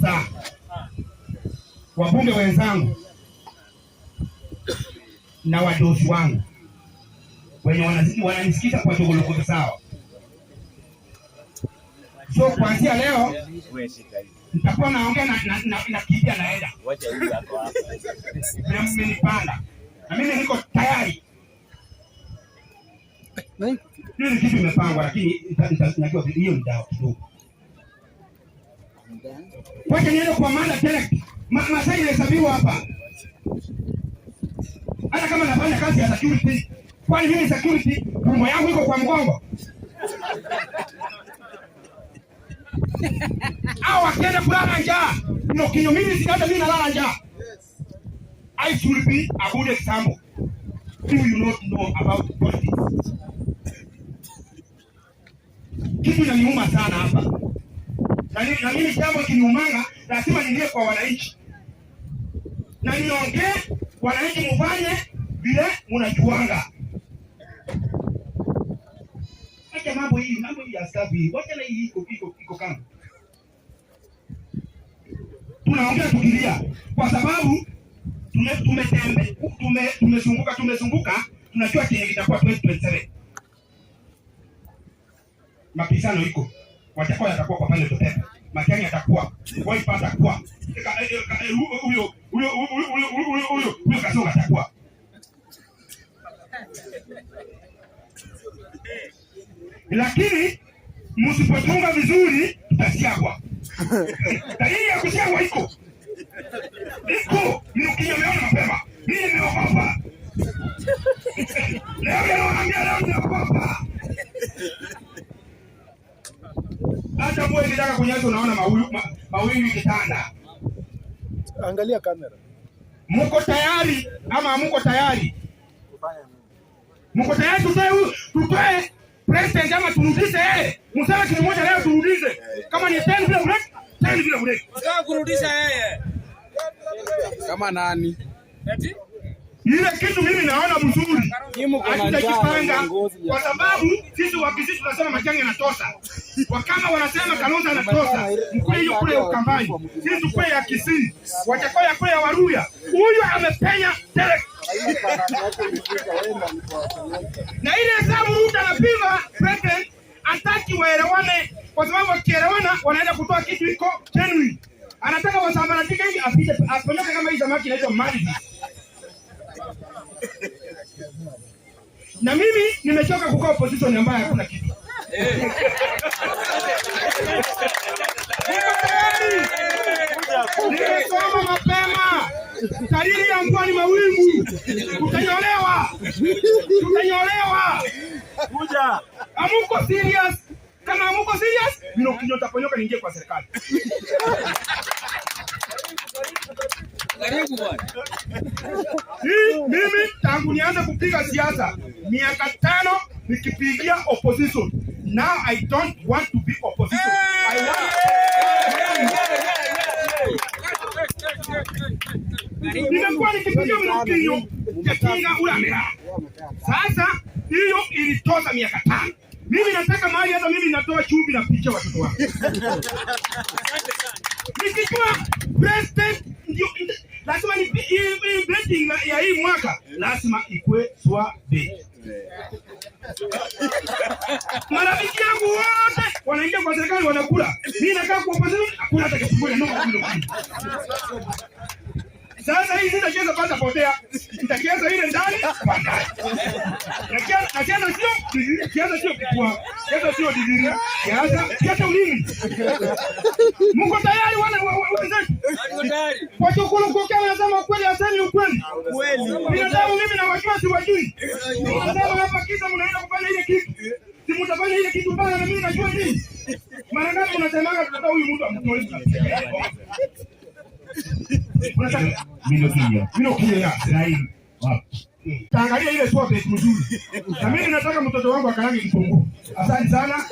saa. Wabunge wenzangu na wadosi wangu wenye wanaisikiza kwa shughulukutu sawa. so kuanzia leo nitakuwa naongea na nakibia naenda na mmenipanda na mimi niko tayari. ni kitu imepangwa, lakini hiyo ni dawa kidogo. Weka neno kwa maana direct. Masaa inahesabiwa hapa. Hata kama nafanya kazi ya security, kwani mimi security room yangu iko kwa mgongo. Au akienda kulala njaa, ndio kinyo mimi mimi nalala njaa. I should be a good example. Do you not know about politics? Kitu inaniuma sana hapa na mimi jambo kiniumanga, lazima niliye kwa wananchi na niongee wananchi, mufanye vile munajuanga. Acha mambo hii, mambo hii ya hii, wacha na hii iko iko iko kama tunaongea tukilia, kwa sababu tumetembe tume tumezunguka tume tumezunguka, tunajua kile kitakuwa 2027 mapisano iko Wachakora yatakuwa kwa pale utoteka, yatakuwa atakuwa Waipa kwa e, e, e, huyo huyo huyo huyo huyo huyo kasoro atakuwa lakini msipotunga vizuri tutasiagwa. Dalili ya kusiagwa iko iko, ni mkimeona mapema. Mimi nimeogopa leo, leo nawaambia leo, ninaogopa mvua ikitaka kunyesha, unaona mawingu Angalia kamera. Mko tayari ama mko tayari? Mko tayari tutoe huyu, tutoe president ama turudishe yeye? Msema kitu moja leo turudishe. Kama ni 10 vile break, 10 vile break. Sasa kurudisha yeye. Kama nani? Eti? Ile kitu mimi naona mzuri. Hatutakipanga kwa sababu sisi wakisi tunasema majanga yanatosha. Wakama wanasema Kalonzo anakosa mkwe hiyo kule Ukambani, sisi kwe ya Kisii, ya kwe ya Waruya. huyu amepenya tele na ile hesabu Ruto anapima president ataki waelewane, kwa sababu wakielewana wanaenda kutoa kitu iko genuine. Anataka wasambaratika hivi apite apeleke kama hii samaki inaitwa maji. Na mimi nimechoka kukaa opposition ambayo hakuna kitu. Nimesoma mapema, kadiri ya mvua ni mawingu. Utanyolewa, utanyolewa. Kuja amuko serious kama amuko serious, mimi ukija utaponyoka, niingie kwa serikali. Karibu bwana. Mimi tangu nianze kupiga siasa miaka tano nikipigia opposition Now I don't want to be opposition. I want nimekuwa nikipiga Chakinga ule amelala. Sasa hiyo ilitoza miaka tano. Mimi nataka mahali hata mimi natoa chumvi na picha watoto wangu. president ndio lazima ni ya hii mwaka lazima ikue swa Marafiki yangu wote wanaingia kwa serikali wanakula. Mimi nakaa kwa opposition hakuna hata kifungule ndio kilo. Sasa hii sina pata potea. Nitacheza ile ndani baadaye. Nakiana nakiana sio sio kwa. Kiaza sio dizili. Kiaza kiaza ulimi. Mko tayari wana Kwa chukuru kokea nasema ukweli asemi Ukweli. Binadamu mimi na wajua si wajui. Binadamu ile kitu baya na mimi najua nini. Mara ngapi unasemaga tunataka huyu mtu amtoe Taangalia ile sote nzuri. Na mimi nataka mtoto wangu akaange kipungu. Asante sana.